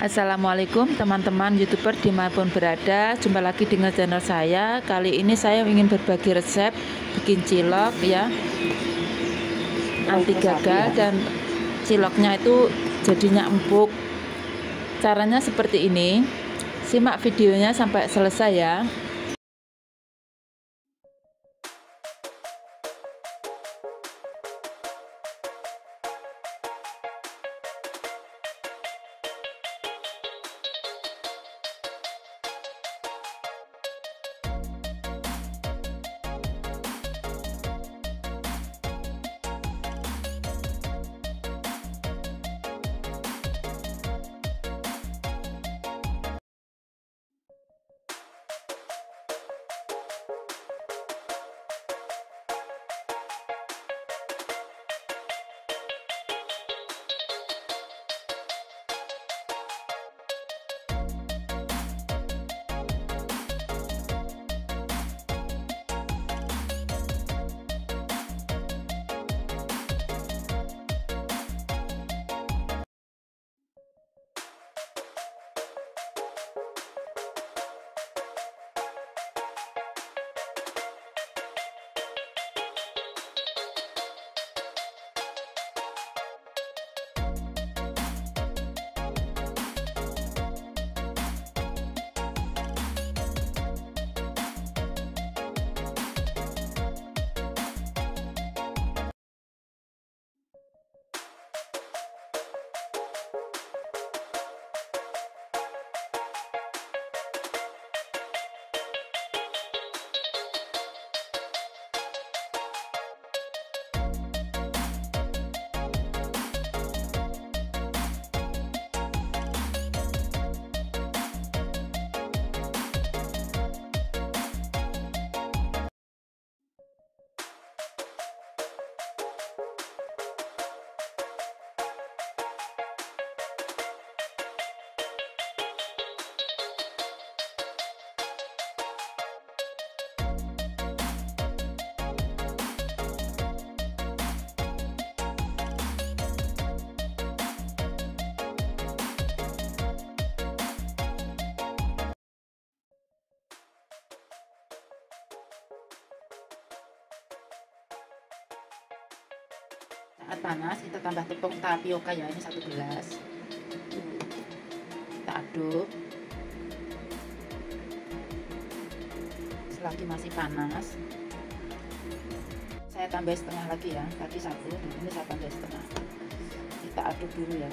Assalamualaikum teman-teman youtuber dimanapun berada Jumpa lagi dengan channel saya Kali ini saya ingin berbagi resep Bikin cilok ya Anti gagal ya. dan ciloknya itu jadinya empuk Caranya seperti ini Simak videonya sampai selesai ya panas kita tambah tepung tapioka ya ini satu gelas kita aduk selagi masih panas saya tambah setengah lagi ya tadi satu dan ini saya tambah setengah kita aduk dulu ya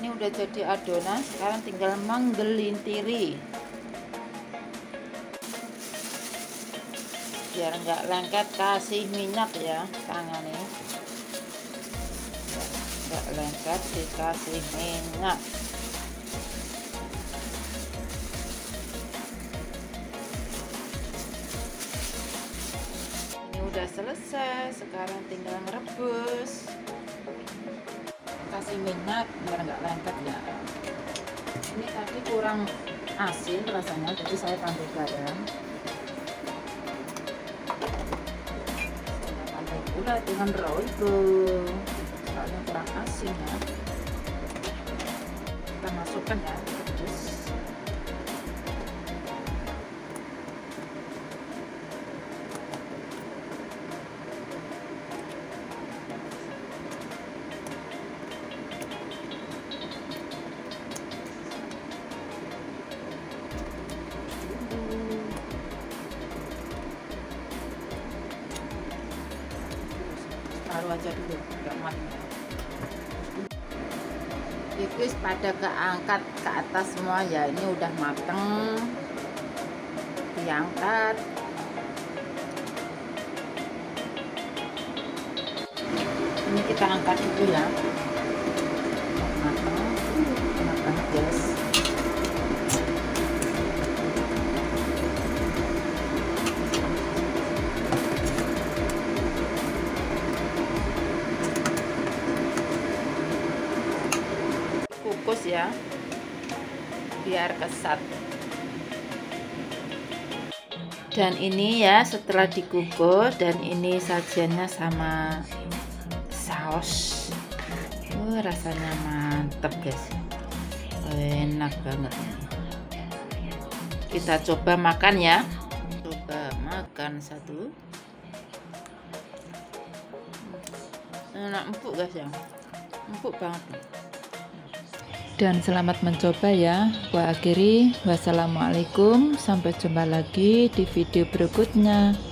ini udah jadi adonan sekarang tinggal menggelintiri biar nggak lengket kasih minyak ya tangan ini nggak lengket dikasih minyak ini udah selesai sekarang tinggal merebus kasih minyak biar nggak lengket ya ini tadi kurang asin rasanya jadi saya tambah garam juga dengan raw itu soalnya kurang asin ya kita masukkan ya aja dulu nggak muat itu pada keangkat ke atas semua ya ini udah mateng diangkat ini kita angkat dulu ya dikukus ya biar kesat dan ini ya setelah dikukus dan ini sajiannya sama saus uh, rasanya mantep guys enak banget kita coba makan ya coba makan satu enak empuk guys ya empuk banget dan selamat mencoba ya. Gua akhiri, wassalamualaikum, sampai jumpa lagi di video berikutnya.